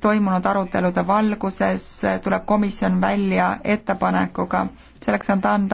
toimunud arutelude valguses tuleb komisjon välja ettepanekuga. selleks on ta anda